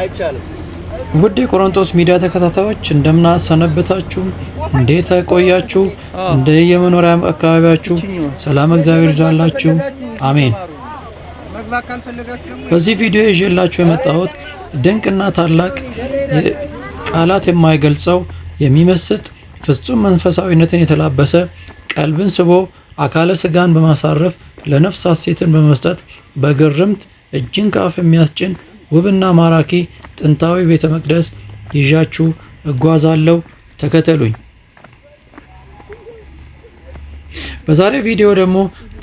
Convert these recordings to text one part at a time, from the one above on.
አይቻልም። ውድ የቆሮንቶስ ሚዲያ ተከታታዮች እንደምን ሰነበታችሁ? እንዴት ቆያችሁ? እንደ የመኖሪያ አካባቢያችሁ ሰላም እግዚአብሔር ይዛላችሁ። አሜን። በዚህ ቪዲዮ ይዤላችሁ የመጣሁት ድንቅና ታላቅ ቃላት የማይገልጸው የሚመስጥ ፍጹም መንፈሳዊነትን የተላበሰ ቀልብን ስቦ አካለ ስጋን በማሳረፍ ለነፍስ ሐሴትን በመስጠት በግርምት እጅን ከአፍ የሚያስጭን ውብና ማራኪ ጥንታዊ ቤተ መቅደስ ይዣችሁ እጓዛለሁ። ተከተሉኝ። በዛሬ ቪዲዮ ደግሞ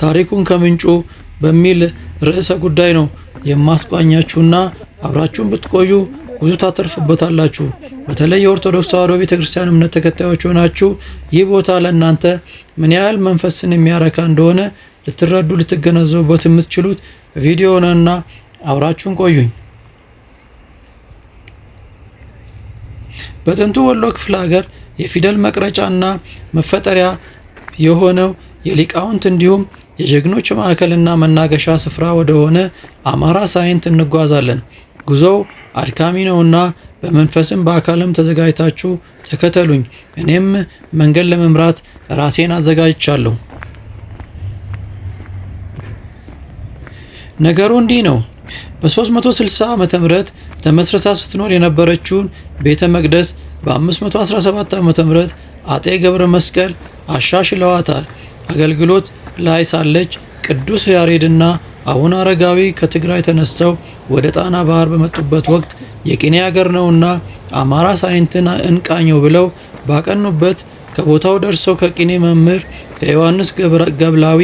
ታሪኩን ከምንጩ በሚል ርዕሰ ጉዳይ ነው የማስቋኛችሁና አብራችሁን ብትቆዩ ብዙ ታተርፉበታላችሁ። በተለይ የኦርቶዶክስ ተዋሕዶ ቤተ ክርስቲያን እምነት ተከታዮች ሆናችሁ ይህ ቦታ ለእናንተ ምን ያህል መንፈስን የሚያረካ እንደሆነ ልትረዱ ልትገነዘቡበት የምትችሉት ቪዲዮ ነውና አብራችሁን ቆዩኝ። በጥንቱ ወሎ ክፍለ ሀገር የፊደል መቅረጫና መፈጠሪያ የሆነው የሊቃውንት እንዲሁም የጀግኖች ማዕከልና መናገሻ ስፍራ ወደሆነ አማራ ሳይንት እንጓዛለን። ጉዞው አድካሚ ነውና በመንፈስም በአካልም ተዘጋጅታችሁ ተከተሉኝ። እኔም መንገድ ለመምራት ራሴን አዘጋጅቻለሁ። ነገሩ እንዲህ ነው። በ360 ዓ ም ተመስርታ ስትኖር የነበረችውን ቤተ መቅደስ በ517 ዓ ም አጤ ገብረ መስቀል አሻሽለዋታል። አገልግሎት ላይ ሳለች ቅዱስ ያሬድና አቡነ አረጋዊ ከትግራይ ተነስተው ወደ ጣና ባህር በመጡበት ወቅት የቅኔ አገር ነውና አማራ ሳይንትን እንቃኘው ብለው ባቀኑበት ከቦታው ደርሰው ከቅኔ መምህር ከዮሐንስ ገብላዊ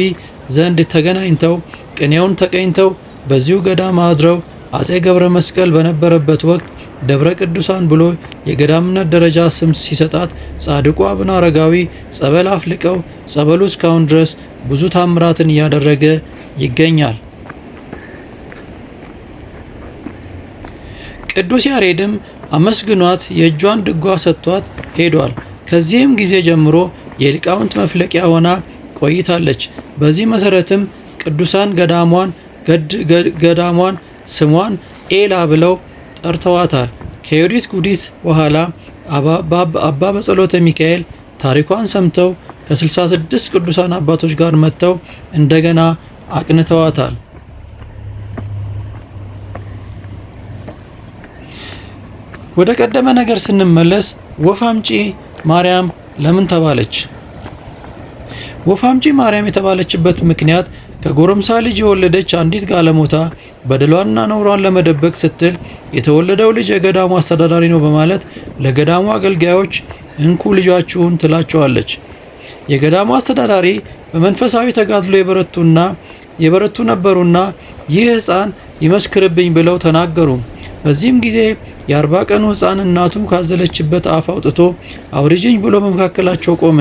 ዘንድ ተገናኝተው ቅኔውን ተቀኝተው በዚሁ ገዳም አድረው አጼ ገብረ መስቀል በነበረበት ወቅት ደብረ ቅዱሳን ብሎ የገዳምነት ደረጃ ስም ሲሰጣት ጻድቁ አቡነ አረጋዊ ጸበል አፍልቀው ጸበሉ እስካሁን ድረስ ብዙ ታምራትን እያደረገ ይገኛል። ቅዱስ ያሬድም አመስግኗት የእጇን ድጓ ሰጥቷት ሄዷል። ከዚህም ጊዜ ጀምሮ የሊቃውንት መፍለቂያ ሆና ቆይታለች። በዚህ መሰረትም ቅዱሳን ገዳሟን ገዳሟን ስሟን ኤላ ብለው ጠርተዋታል። ከዮዲት ጉዲት በኋላ አባ በጸሎተ ሚካኤል ታሪኳን ሰምተው ከ66 ቅዱሳን አባቶች ጋር መጥተው እንደገና አቅንተዋታል። ወደ ቀደመ ነገር ስንመለስ ወፍ አምጪ ማርያም ለምን ተባለች? ወፍ አምጪ ማርያም የተባለችበት ምክንያት ከጎረምሳ ልጅ የወለደች አንዲት ጋለሞታ በደሏንና ነውሯን ለመደበቅ ስትል የተወለደው ልጅ የገዳሙ አስተዳዳሪ ነው በማለት ለገዳሙ አገልጋዮች እንኩ ልጃችሁን ትላቸዋለች። የገዳሙ አስተዳዳሪ በመንፈሳዊ ተጋድሎ የበረቱና የበረቱ ነበሩና ይህ ሕፃን ይመስክርብኝ ብለው ተናገሩ። በዚህም ጊዜ የአርባ ቀኑ ሕፃን እናቱ ካዘለችበት አፍ አውጥቶ አውርጅኝ ብሎ በመካከላቸው ቆመ።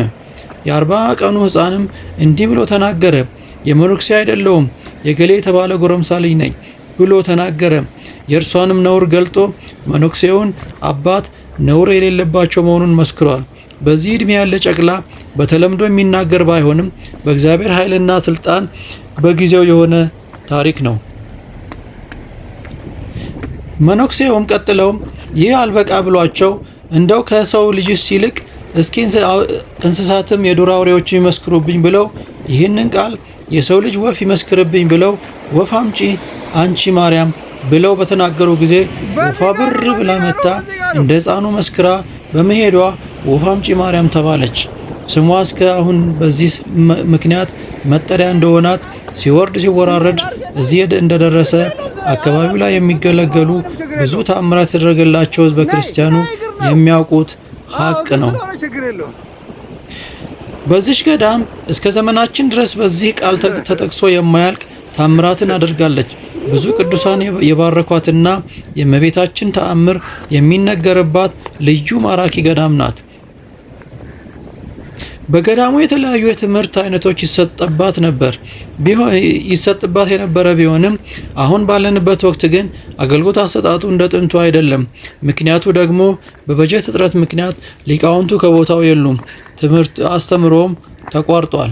የአርባ ቀኑ ሕፃንም እንዲህ ብሎ ተናገረ። የመነኩሴ አይደለውም የገሌ የተባለ ጎረምሳ ልጅ ነኝ ብሎ ተናገረ። የእርሷንም ነውር ገልጦ መነኩሴውን አባት ነውር የሌለባቸው መሆኑን መስክሯል። በዚህ ዕድሜ ያለ ጨቅላ በተለምዶ የሚናገር ባይሆንም በእግዚአብሔር ኃይልና ስልጣን በጊዜው የሆነ ታሪክ ነው። መነኩሴውም ቀጥለው ይህ አልበቃ ብሏቸው እንደው ከሰው ልጅስ ይልቅ እስኪ እንስሳትም የዱር አውሬዎች ይመስክሩብኝ ብለው ይህንን ቃል የሰው ልጅ ወፍ ይመስክርብኝ ብለው ወፍ አምጪ አንቺ ማርያም ብለው በተናገሩ ጊዜ ወፏ ብር ብላ መታ እንደ ሕፃኑ መስክራ በመሄዷ ወፍ አምጪ ማርያም ተባለች። ስሟ እስከ አሁን በዚህ ምክንያት መጠሪያ እንደሆናት ሲወርድ ሲወራረድ እዚህ እንደደረሰ አካባቢው ላይ የሚገለገሉ ብዙ ተአምራት የተደረገላቸው በክርስቲያኑ የሚያውቁት ሀቅ ነው። በዚች ገዳም እስከ ዘመናችን ድረስ በዚህ ቃል ተጠቅሶ የማያልቅ ታምራትን አድርጋለች። ብዙ ቅዱሳን የባረኳትና የእመቤታችን ተአምር የሚነገርባት ልዩ ማራኪ ገዳም ናት። በገዳሙ የተለያዩ የትምህርት አይነቶች ይሰጥባት ነበር ይሰጥባት የነበረ ቢሆንም አሁን ባለንበት ወቅት ግን አገልግሎት አሰጣጡ እንደ ጥንቱ አይደለም። ምክንያቱ ደግሞ በበጀት እጥረት ምክንያት ሊቃውንቱ ከቦታው የሉም። ትምህርት አስተምሮም ተቋርጧል።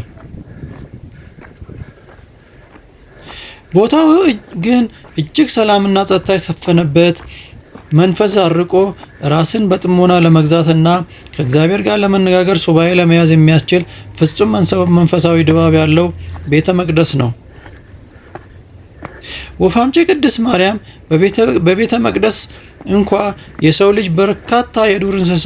ቦታው ግን እጅግ ሰላምና ጸጥታ የሰፈነበት መንፈስ አርቆ ራስን በጥሞና ለመግዛትና ከእግዚአብሔር ጋር ለመነጋገር ሱባኤ ለመያዝ የሚያስችል ፍጹም መንፈሳዊ ድባብ ያለው ቤተ መቅደስ ነው። ወፋምጭ ቅድስት ማርያም በቤተ መቅደስ እንኳ የሰው ልጅ በርካታ የዱር እንስሳ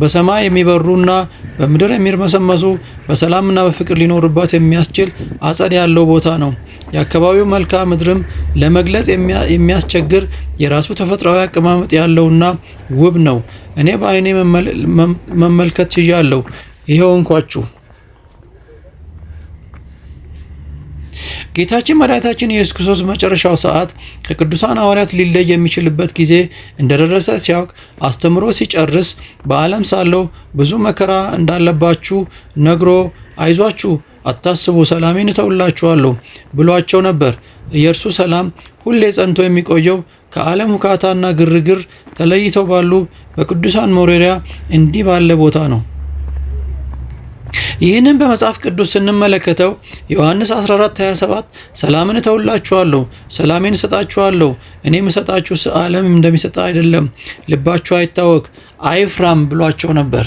በሰማይ የሚበሩና በምድር የሚርመሰመሱ በሰላምና በፍቅር ሊኖርባት የሚያስችል አጸድ ያለው ቦታ ነው። የአካባቢው መልክዓ ምድርም ለመግለጽ የሚያስቸግር የራሱ ተፈጥሯዊ አቀማመጥ ያለውና ውብ ነው። እኔ በአይኔ መመልከት ችያለሁ። ይኸውንኳችሁ ጌታችን መድኃኒታችን ኢየሱስ ክርስቶስ መጨረሻው ሰዓት ከቅዱሳን ሐዋርያት ሊለይ የሚችልበት ጊዜ እንደደረሰ ሲያውቅ አስተምሮ ሲጨርስ በዓለም ሳለው ብዙ መከራ እንዳለባችሁ ነግሮ አይዟችሁ አታስቡ ሰላሜን እተውላችኋለሁ ብሏቸው ነበር። የእርሱ ሰላም ሁሌ ጸንቶ የሚቆየው ከዓለም ሁካታና ግርግር ተለይተው ባሉ በቅዱሳን መኖሪያ እንዲህ ባለ ቦታ ነው። ይህንን በመጽሐፍ ቅዱስ ስንመለከተው ዮሐንስ 14:27 ሰላምን እተውላችኋለሁ፣ ሰላሜን እሰጣችኋለሁ፣ እኔ የምሰጣችሁ ዓለም እንደሚሰጣ አይደለም፣ ልባችሁ አይታወክ አይፍራም ብሏቸው ነበር።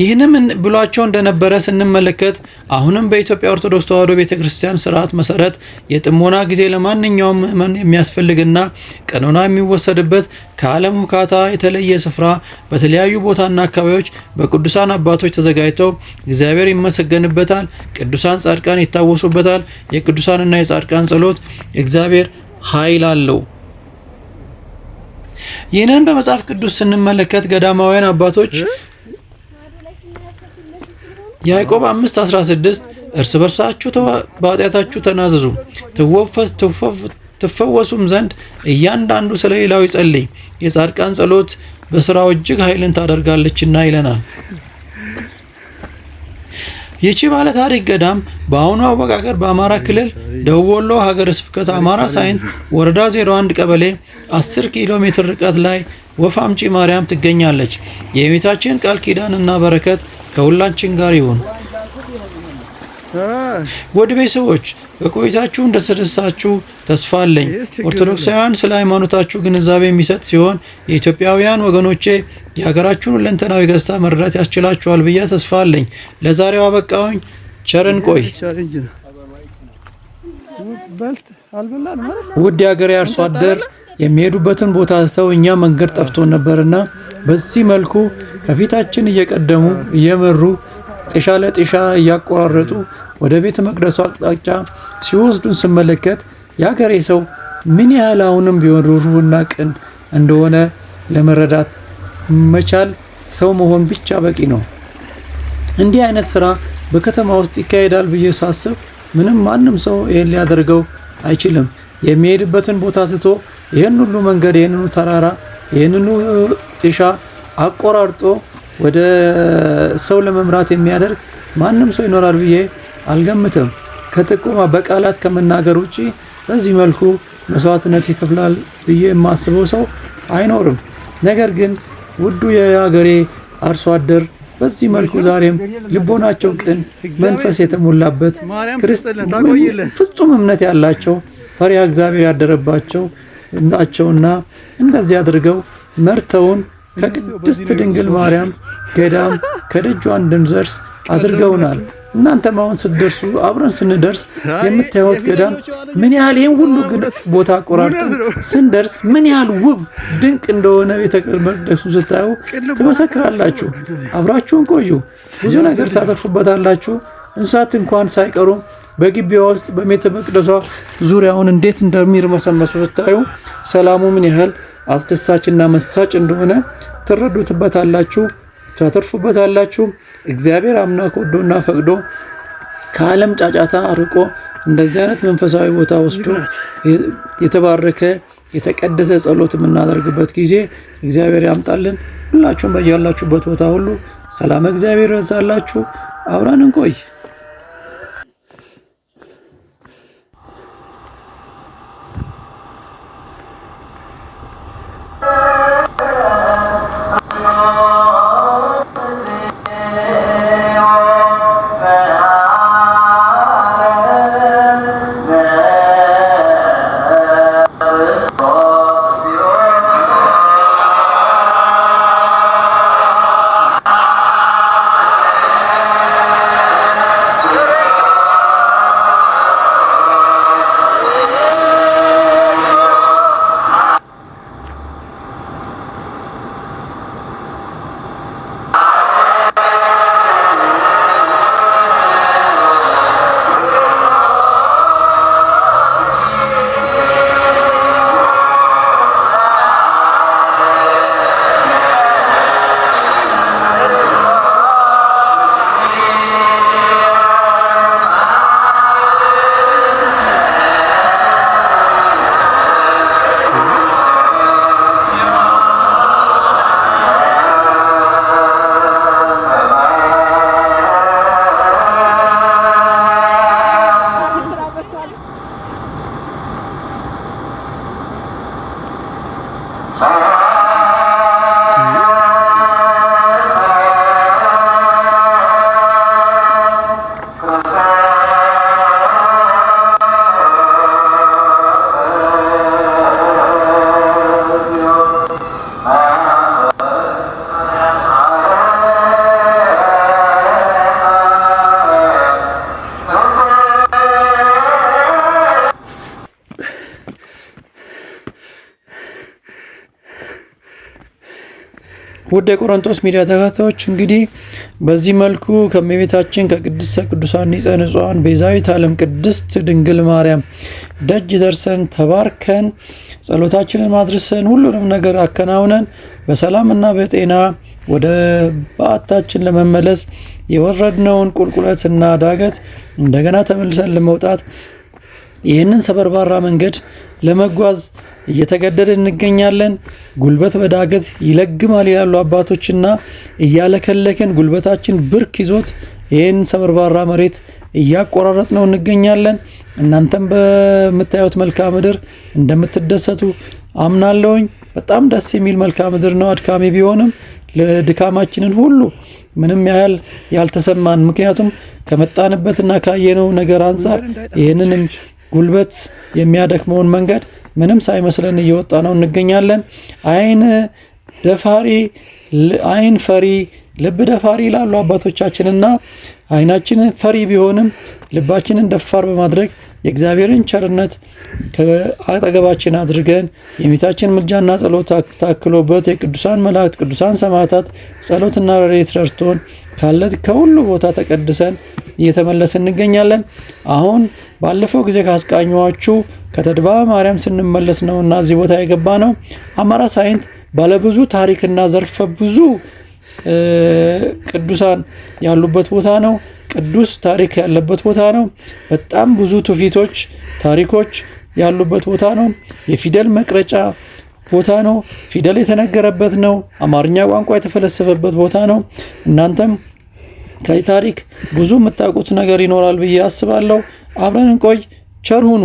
ይህንም ብሏቸው እንደነበረ ስንመለከት አሁንም በኢትዮጵያ ኦርቶዶክስ ተዋሕዶ ቤተ ክርስቲያን ስርዓት መሰረት የጥሞና ጊዜ ለማንኛውም ምእመን የሚያስፈልግና ቀኖና የሚወሰድበት ከዓለም ሁካታ የተለየ ስፍራ በተለያዩ ቦታና አካባቢዎች በቅዱሳን አባቶች ተዘጋጅተው እግዚአብሔር ይመሰገንበታል፣ ቅዱሳን ጻድቃን ይታወሱበታል። የቅዱሳንና የጻድቃን ጸሎት እግዚአብሔር ኃይል አለው። ይህንን በመጽሐፍ ቅዱስ ስንመለከት ገዳማውያን አባቶች ያዕቆብ 16 እርስ በርሳችሁ በኃጢአታችሁ ተናዘዙ ትፈወሱም ዘንድ እያንዳንዱ ስለ ሌላው ይጸልይ፣ የጻድቃን ጸሎት በስራው እጅግ ኃይልን ታደርጋለችና ይለናል። ይቺ ባለ ታሪክ ገዳም በአሁኑ አወቃቀር በአማራ ክልል ደቡብ ወሎ ሀገረ ስብከት አማራ ሳይንት ወረዳ 01 ቀበሌ 10 ኪሎ ሜትር ርቀት ላይ ወፍ አምጪ ማርያም ትገኛለች። የእመቤታችን ቃል ኪዳንና በረከት ከሁላችን ጋር ይሁን። ወደ ቤተሰቦች በቆይታችሁ እንደተደሳችሁ ተስፋ አለኝ። ኦርቶዶክሳውያን ስለ ሃይማኖታችሁ ግንዛቤ የሚሰጥ ሲሆን የኢትዮጵያውያን ወገኖቼ የሀገራችሁን ሁለንተናዊ ገጽታ መረዳት ያስችላችኋል ብዬ ተስፋ አለኝ። ለዛሬው አበቃውኝ። ቸርን ቆይ። ውድ የሀገሬ አርሶ አደር የሚሄዱበትን ቦታ ትተው እኛ መንገድ ጠፍቶን ነበርና በዚህ መልኩ ከፊታችን እየቀደሙ እየመሩ ጤሻ ለጤሻ እያቆራረጡ ወደ ቤተ መቅደሱ አቅጣጫ ሲወስዱን ስመለከት የአገሬ ሰው ምን ያህል አሁንም ቢሆን ሩሩና ቅን እንደሆነ ለመረዳት መቻል ሰው መሆን ብቻ በቂ ነው። እንዲህ አይነት ስራ በከተማ ውስጥ ይካሄዳል ብዬ ሳስብ ምንም ማንም ሰው ይህን ሊያደርገው አይችልም። የሚሄድበትን ቦታ ትቶ ይህን ሁሉ መንገድ፣ ይህንኑ ተራራ፣ ይህንኑ ፍተሻ አቆራርጦ ወደ ሰው ለመምራት የሚያደርግ ማንም ሰው ይኖራል ብዬ አልገምትም። ከጥቆማ በቃላት ከመናገር ውጪ በዚህ መልኩ መስዋዕትነት ይከፍላል ብዬ የማስበው ሰው አይኖርም። ነገር ግን ውዱ የሀገሬ አርሶ አደር በዚህ መልኩ ዛሬም ልቦናቸው ቅን፣ መንፈስ የተሞላበት ፍጹም እምነት ያላቸው ፈሪሃ እግዚአብሔር ያደረባቸው ናቸውና እንደዚህ አድርገው መርተውን ከቅድስት ድንግል ማርያም ገዳም ከደጇ እንድንደርስ አድርገውናል። እናንተም አሁን ስትደርሱ አብረን ስንደርስ የምታዩት ገዳም ምን ያህል ይህን ሁሉ ግን ቦታ አቆራርጠን ስንደርስ ምን ያህል ውብ ድንቅ እንደሆነ ቤተ መቅደሱ ስታዩ ትመሰክራላችሁ። አብራችሁን ቆዩ፣ ብዙ ነገር ታተርፉበታላችሁ። እንስሳት እንኳን ሳይቀሩ በግቢዋ ውስጥ በቤተ መቅደሷ ዙሪያውን እንዴት እንደሚርመሰመሱ ስታዩ ሰላሙ ምን ያህል አስደሳችና መሳጭ እንደሆነ ትረዱትበታላችሁ፣ ታተርፉበታላችሁ። እግዚአብሔር አምላክ ወዶና ፈቅዶ ከዓለም ጫጫታ አርቆ እንደዚህ አይነት መንፈሳዊ ቦታ ወስዶ የተባረከ የተቀደሰ ጸሎት የምናደርግበት ጊዜ እግዚአብሔር ያምጣልን። ሁላችሁም በያላችሁበት ቦታ ሁሉ ሰላም እግዚአብሔር ይረዛላችሁ። አብረን እንቆይ። Ah! ውድ የቆሮንቶስ ሚዲያ ተከታታዮች እንግዲህ በዚህ መልኩ ከእመቤታችን ከቅድስተ ቅዱሳን ንጽሕተ ንጹሐን ቤዛዊት ዓለም ቅድስት ድንግል ማርያም ደጅ ደርሰን ተባርከን ጸሎታችንን ማድረሰን ሁሉንም ነገር አከናውነን በሰላምና በጤና ወደ በዓታችን ለመመለስ የወረድነውን ቁልቁለትና ዳገት እንደገና ተመልሰን ለመውጣት ይህንን ሰበርባራ መንገድ ለመጓዝ እየተገደድን እንገኛለን። ጉልበት በዳገት ይለግማል ይላሉ አባቶችና እያለከለከን ጉልበታችን ብርክ ይዞት ይህን ሰበርባራ መሬት እያቆራረጥ ነው እንገኛለን። እናንተም በምታዩት መልክዓ ምድር እንደምትደሰቱ አምናለሁኝ። በጣም ደስ የሚል መልክዓ ምድር ነው። አድካሚ ቢሆንም ለድካማችንን ሁሉ ምንም ያህል ያልተሰማን፣ ምክንያቱም ከመጣንበትና ካየነው ነገር አንጻር ይህንንም ጉልበት የሚያደክመውን መንገድ ምንም ሳይመስለን እየወጣ ነው እንገኛለን። አይን ደፋሪ አይን ፈሪ ልብ ደፋሪ ላሉ አባቶቻችንና አይናችን ፈሪ ቢሆንም ልባችንን ደፋር በማድረግ የእግዚአብሔርን ቸርነት ከአጠገባችን አድርገን የሚታችን ምልጃና ጸሎት ታክሎበት የቅዱሳን መላእክት፣ ቅዱሳን ሰማዕታት ጸሎትና ረድኤት ረድቶን ካለት ከሁሉ ቦታ ተቀድሰን እየተመለስ እንገኛለን። አሁን ባለፈው ጊዜ ካስቃኘኋችሁ ከተድባ ማርያም ስንመለስ ነው እና እዚህ ቦታ የገባ ነው። አማራ ሳይንት ባለብዙ ታሪክና ዘርፈ ብዙ ቅዱሳን ያሉበት ቦታ ነው። ቅዱስ ታሪክ ያለበት ቦታ ነው። በጣም ብዙ ትውፊቶች፣ ታሪኮች ያሉበት ቦታ ነው። የፊደል መቅረጫ ቦታ ነው። ፊደል የተነገረበት ነው። አማርኛ ቋንቋ የተፈለሰፈበት ቦታ ነው። እናንተም ከዚህ ታሪክ ብዙ የምታውቁት ነገር ይኖራል ብዬ አስባለሁ። አብረን እንቆይ። ቸር ሁኑ።